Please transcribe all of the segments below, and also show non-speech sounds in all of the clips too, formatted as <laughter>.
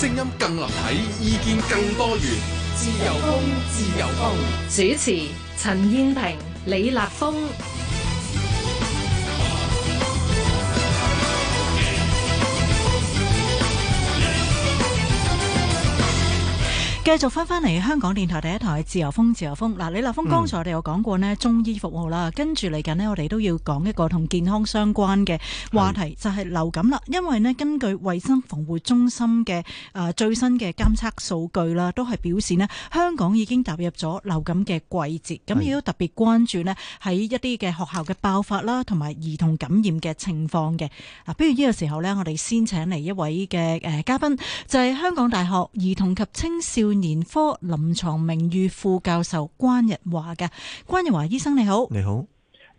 聲音更立體，意見更多元。自由風，自由風。主持：陳燕萍、李立峯。繼續返返嚟香港電台第一台《自由風》，自由風。嗱，李立峯，剛才我哋有講過呢，中醫服務啦，跟住嚟緊呢，我哋都要講一個同健康相關嘅話題，就係、是、流感啦。因為呢，根據衛生防護中心嘅誒，最新嘅監測數據啦，都係表示呢，香港已經踏入咗流感嘅季節，咁亦都特別關注呢，喺一啲嘅學校嘅爆發啦，同埋兒童感染嘅情況嘅。嗱，不如呢個時候呢，我哋先請嚟一位嘅誒嘉賓，就係、是、香港大學兒童及青少年。年科臨床名譽副教授關日華嘅，關日華醫生你好，你好。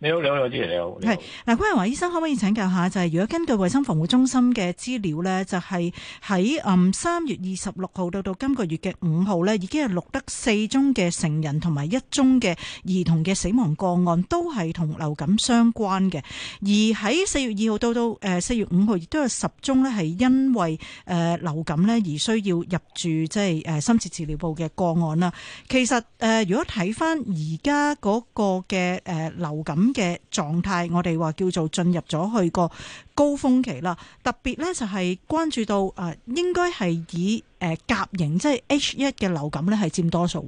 你好，你好，我係你好。係嗱、嗯，關日華醫生，可唔可以請教下，就係、是、如果根據衛生防護中心嘅資料咧，就係喺誒三月二十六號到到今個月嘅五號咧，已經係錄得四宗嘅成人同埋一宗嘅兒童嘅死亡個案，都係同流感相關嘅。而喺四月二號到到誒四月五號，亦都有十宗呢，係因為誒流感咧而需要入住即係誒深切治療部嘅個案啦。其實誒、呃、如果睇翻而家嗰個嘅誒流感，嘅狀態，我哋話叫做進入咗去個高峰期啦。特別呢，就係關注到誒，應該係以誒甲型即係 H1 嘅流感呢係佔多數。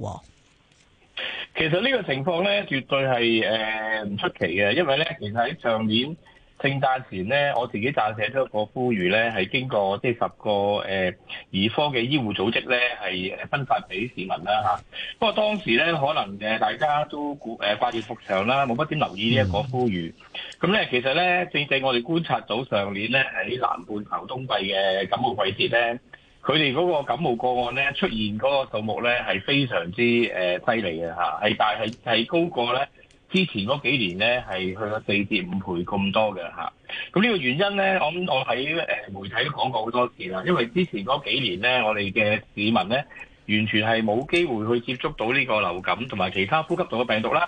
其實呢個情況呢，絕對係誒唔出奇嘅，因為呢其實喺上年。聖誕前咧，我自己撰寫咗一個呼籲咧，係經過即係十個誒兒、呃、科嘅醫護組織咧，係分發俾市民啦、啊、不過當時咧，可能大家都誒掛住復常啦，冇乜點留意呢一個呼籲。咁咧，其實咧，正正我哋觀察到上年咧喺南半球冬季嘅感冒季節咧，佢哋嗰個感冒個案咧出現嗰個數目咧係非常之低犀利嘅，係但係係高過咧。之前嗰幾年咧，係去到四至五倍咁多嘅嚇。咁呢個原因咧，我諗我喺誒媒體都講過好多次啦。因為之前嗰幾年咧，我哋嘅市民咧完全係冇機會去接觸到呢個流感同埋其他呼吸道嘅病毒啦。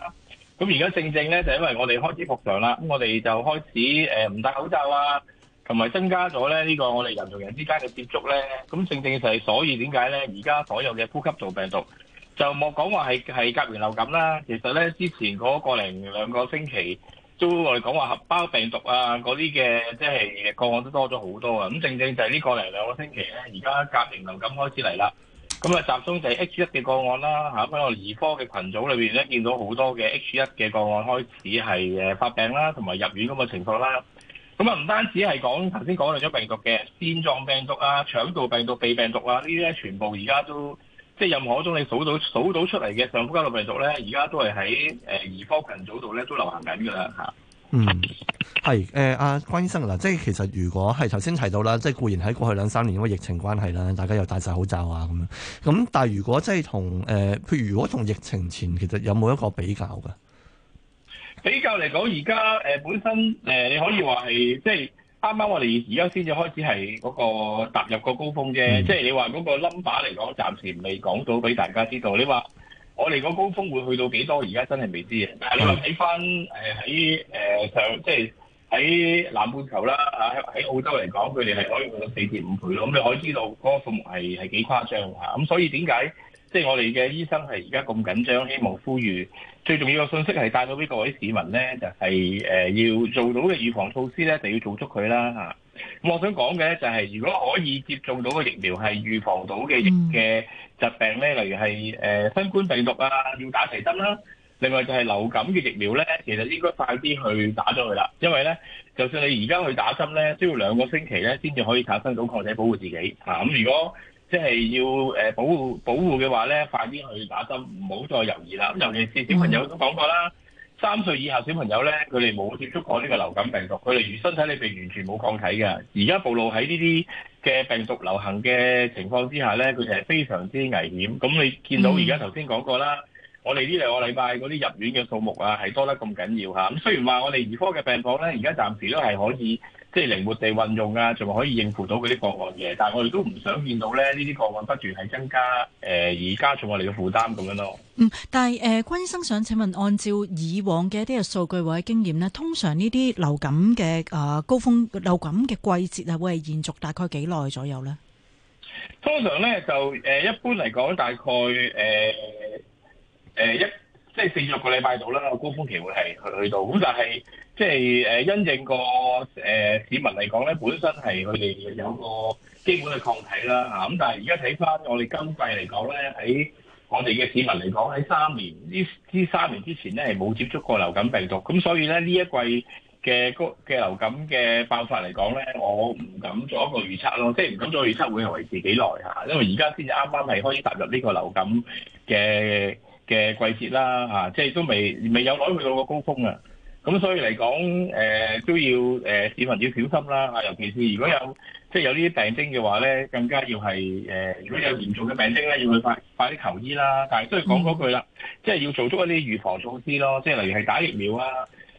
咁而家正正咧，就因為我哋開始復常啦，咁我哋就開始誒唔戴口罩啊，同埋增加咗咧呢個我哋人同人之間嘅接觸咧。咁正正就係所以點解咧，而家所有嘅呼吸道病毒，就冇講話係係甲型流感啦，其實咧之前嗰個零兩個星期，都我哋講話合胞病毒啊嗰啲嘅，即係個案都多咗好多啊！咁正正就係呢個零兩個星期咧，而家甲型流感開始嚟啦。咁啊，集中就係 H 一嘅個案啦，嚇，喺我兒科嘅羣組裏邊咧，見到好多嘅 H 一嘅個案開始係誒發病啦，同埋入院咁嘅情況啦。咁啊，唔單止係講頭先講到咗病毒嘅腺狀病毒啊、腸道病毒、鼻病毒啊，呢啲咧全部而家都。即係任何一種你數到數到出嚟嘅上呼吸道病毒咧，而家都係喺誒兒科群組度咧都流行緊㗎啦嚇。呃、 <laughs> 嗯，係誒阿關醫生嗱，即係其實如果係頭先提到啦，即係固然喺過去兩三年因為疫情關係啦，大家又戴晒口罩啊咁樣。咁但係如果即係同誒譬如如果同疫情前其實有冇一個比較㗎？比較嚟講，而家誒本身誒、呃、你可以話係即係。啱啱我哋而家先至開始係嗰個踏入個高峰啫，即係你話嗰個 number 嚟講，暫時未講到俾大家知道。你話我哋個高峰會去到幾多？而家真係未知嘅。但係你話睇翻喺上，即係喺南半球啦，喺喺澳洲嚟講，佢哋係可以去到四至五倍咯。咁你可以知道嗰個數目係係幾誇張嚇。咁所以點解即係我哋嘅醫生係而家咁緊張，希望呼籲。最重要嘅信息係帶到俾各位市民咧，就係、是、誒要做到嘅預防措施咧，就要做足佢啦嚇。咁我想講嘅咧就係、是，如果可以接種到嘅疫苗係預防到嘅嘅疾病咧，例如係誒、呃、新冠病毒啊，要打提針啦。另外就係流感嘅疫苗咧，其實應該快啲去打咗佢啦。因為咧，就算你而家去打針咧，都要兩個星期咧先至可以產生到抗體保護自己啊。咁如果即係要誒保護保護嘅話咧，快啲去打針，唔好再猶豫啦。咁尤其是小朋友都講過啦，三歲以下小朋友咧，佢哋冇接觸過呢個流感病毒，佢哋而身體裏邊完全冇抗體嘅。而家暴露喺呢啲嘅病毒流行嘅情況之下咧，佢哋係非常之危險。咁你見到而家頭先講過啦，我哋呢兩個禮拜嗰啲入院嘅數目啊，係多得咁緊要吓。咁雖然話我哋兒科嘅病房咧，而家暫時都係可以。即係靈活地運用啊，仲話可以應付到嗰啲個案嘅，但係我哋都唔想見到咧，呢啲個案不斷係增加，誒而加重我哋嘅負擔咁樣咯。嗯，但係誒、呃，關醫生想請問，按照以往嘅一啲嘅數據或者經驗咧、呃，通常呢啲流感嘅誒高峰，流感嘅季節係，會係延續大概幾耐左右咧？通常咧就誒，一般嚟講，大概誒誒、呃呃、一。即係四、六個禮拜度啦，高峰期會係去去到。咁就係即係誒，因應個誒市民嚟講咧，本身係佢哋有個基本嘅抗體啦。嚇咁，但係而家睇翻我哋今季嚟講咧，喺我哋嘅市民嚟講，喺三年呢呢三年之前咧係冇接觸過流感病毒。咁所以咧呢一季嘅高嘅流感嘅爆發嚟講咧，我唔敢做一個預測咯。即係唔敢做預測會係維持幾耐嚇，因為而家先至啱啱係可以踏入呢個流感嘅。嘅季節啦、啊，即係都未未有攞去到個高峰啊，咁所以嚟講，誒、呃、都要誒、呃、市民要小心啦、啊，尤其是如果有即係、就是、有呢啲病徵嘅話咧，更加要係誒、呃、如果有嚴重嘅病徵咧，要去快快啲求醫啦、啊。但係都係講嗰句啦、啊嗯，即係要做足一啲預防措施咯、啊，即係例如係打疫苗啊，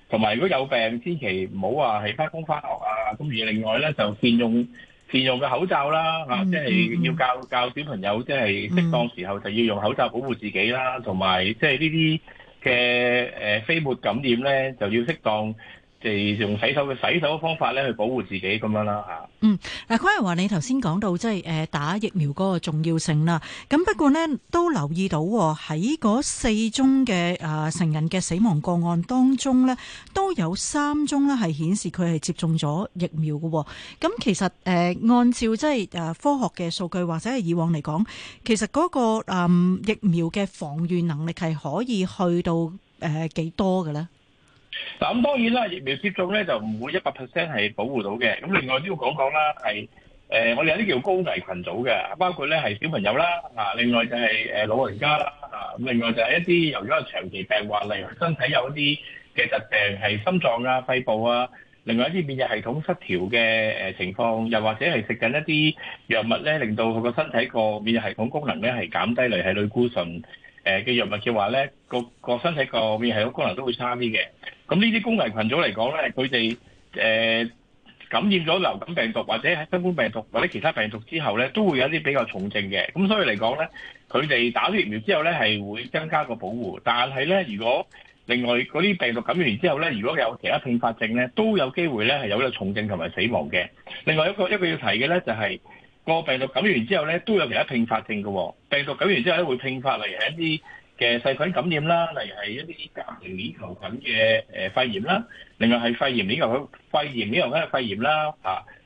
同埋如果有病，千祈唔好話係返工返學啊。咁而另外咧，就善用，善用嘅口罩啦，吓、啊，即、就、係、是、要教教小朋友，即係適當時候就要用口罩保護自己啦，同埋即係呢啲嘅誒飛沫感染咧，就要適當。即係用洗手嘅洗手嘅方法咧，去保護自己咁樣啦吓。嗯，嗱，佢係話你頭先講到即係誒打疫苗嗰個重要性啦。咁不過呢，都留意到喺、哦、嗰四宗嘅誒、呃、成人嘅死亡個案當中呢，都有三宗咧係顯示佢係接種咗疫苗嘅、哦。咁其實誒、呃，按照即係誒科學嘅數據或者係以往嚟講，其實嗰、嗰個誒、嗯、疫苗嘅防禦能力係可以去到誒、呃、幾多嘅咧？嗱咁當然啦，疫苗接種咧就唔會一百 percent 係保護到嘅。咁另外都要講講啦，係誒我哋有啲叫高危羣組嘅，包括咧係小朋友啦，啊，另外就係誒老人家啦，啊，咁另外就係一啲由於長期病患，例如身體有一啲嘅疾病係心臟啊、肺部啊，另外一啲免疫系統失調嘅誒情況，又或者係食緊一啲藥物咧，令到佢個身體個免疫系統功能咧係減低嚟，係類固醇誒嘅藥物嘅話咧，個個身體個免疫系統功能都會差啲嘅。咁呢啲高危群組嚟講咧，佢哋誒感染咗流感病毒，或者係新冠病毒或者其他病毒之後咧，都會有啲比較重症嘅。咁所以嚟講咧，佢哋打咗疫苗之後咧，係會增加個保護。但係咧，如果另外嗰啲病毒感染完之後咧，如果有其他併發症咧，都有機會咧係有啲重症同埋死亡嘅。另外一個一個要提嘅咧，就係個病毒感染完之後咧，都有其他併發症嘅。病毒感染完之後咧，會併發嚟係一啲。嘅細菌感染啦，例如係一啲甲型鏈球菌嘅肺炎啦，另外係肺炎鏈球菌，肺炎鏈球菌嘅肺炎啦，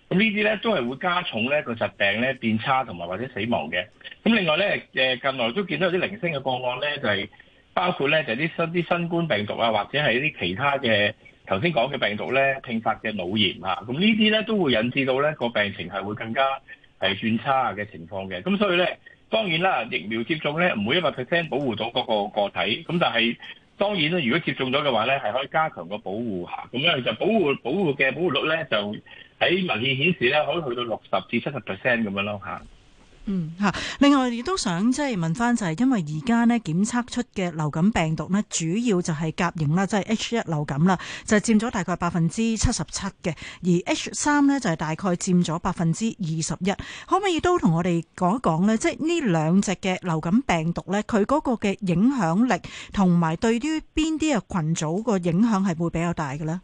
咁呢啲咧都係會加重咧個疾病咧變差同埋或者死亡嘅。咁另外咧，近來都見到有啲零星嘅個案咧，就係包括咧就係啲新啲新冠病毒啊，或者係一啲其他嘅頭先講嘅病毒咧併發嘅腦炎啊，咁呢啲咧都會引致到咧個病情係會更加係轉差嘅情況嘅，咁所以咧。當然啦，疫苗接種咧，唔會一個 percent 保護到嗰個個體，咁但係當然啦，如果接種咗嘅話咧，係可以加強個保護嚇，咁咧就保護保護嘅保護率咧，就喺文件顯示咧，可以去到六十至七十 percent 咁樣咯嚇。嗯吓，另外亦都想即係問翻，就係、是、因為而家呢檢測出嘅流感病毒呢，主要就係甲型啦，即係 H 一流感啦，就占、是、咗大概百分之七十七嘅，而 H 三呢，就係大概占咗百分之二十一。可唔可以都同我哋講一講呢？即係呢兩隻嘅流感病毒呢，佢嗰個嘅影響力同埋對於邊啲嘅群組個影響係會比較大嘅呢？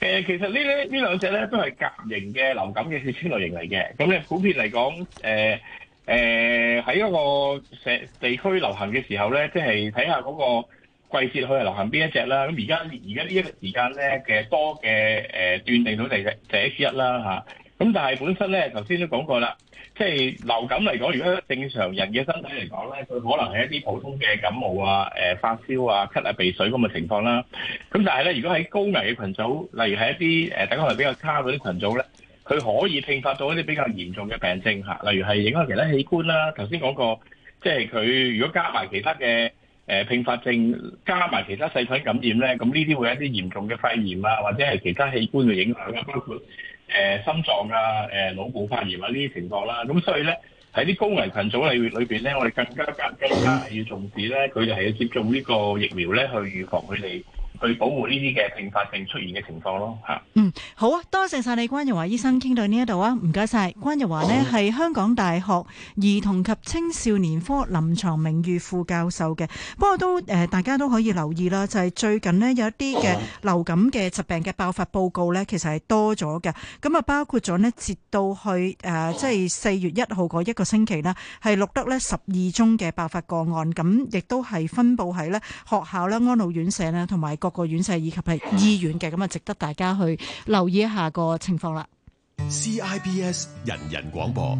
誒，其實呢呢兩隻咧都係甲型嘅流感嘅血清類型嚟嘅，咁咧普遍嚟講，誒誒喺嗰個社地區流行嘅時候咧，即係睇下嗰個季節佢係流行邊一隻啦。咁而家而家呢一個時間咧嘅多嘅誒、呃，斷定到係嘅係 H 一啦嚇。咁但係本身咧，頭先都講過啦，即係流感嚟講，如果正常人嘅身體嚟講咧，佢可能係一啲普通嘅感冒啊、誒發燒啊、咳啊、鼻水咁嘅情況啦。咁但係咧，如果喺高危嘅群組，例如係一啲誒抵抗力比較差嗰啲群組咧，佢可以併發到一啲比較嚴重嘅病症吓，例如係影響其他器官啦。頭先講過，即係佢如果加埋其他嘅誒併發症，加埋其他細菌感染咧，咁呢啲會有一啲嚴重嘅肺炎啊，或者係其他器官嘅影響啦，包括，誒心臟啊、誒腦部發炎啊呢啲情況啦，咁所以咧喺啲高危群組裏邊咧，我哋更加加更加要重視咧，佢哋係要接種呢個疫苗咧，去預防佢哋。去保護呢啲嘅併發症出現嘅情況咯嚇。嗯，好啊，多謝晒你關日華醫生傾到呢一度啊，唔該晒，關日華呢係香港大學兒童及青少年科臨床名譽副教授嘅。不過都誒、呃，大家都可以留意啦，就係、是、最近呢，有一啲嘅流感嘅疾病嘅爆發報告呢，其實係多咗嘅。咁啊，包括咗呢，截到去誒，即係四月一號嗰一個星期啦，係錄得呢十二宗嘅爆發個案，咁亦都係分佈喺呢學校啦、安老院舍啦，同埋各個院舍以及係醫院嘅，咁啊，值得大家去留意一下個情況啦。CIBS 人人廣播。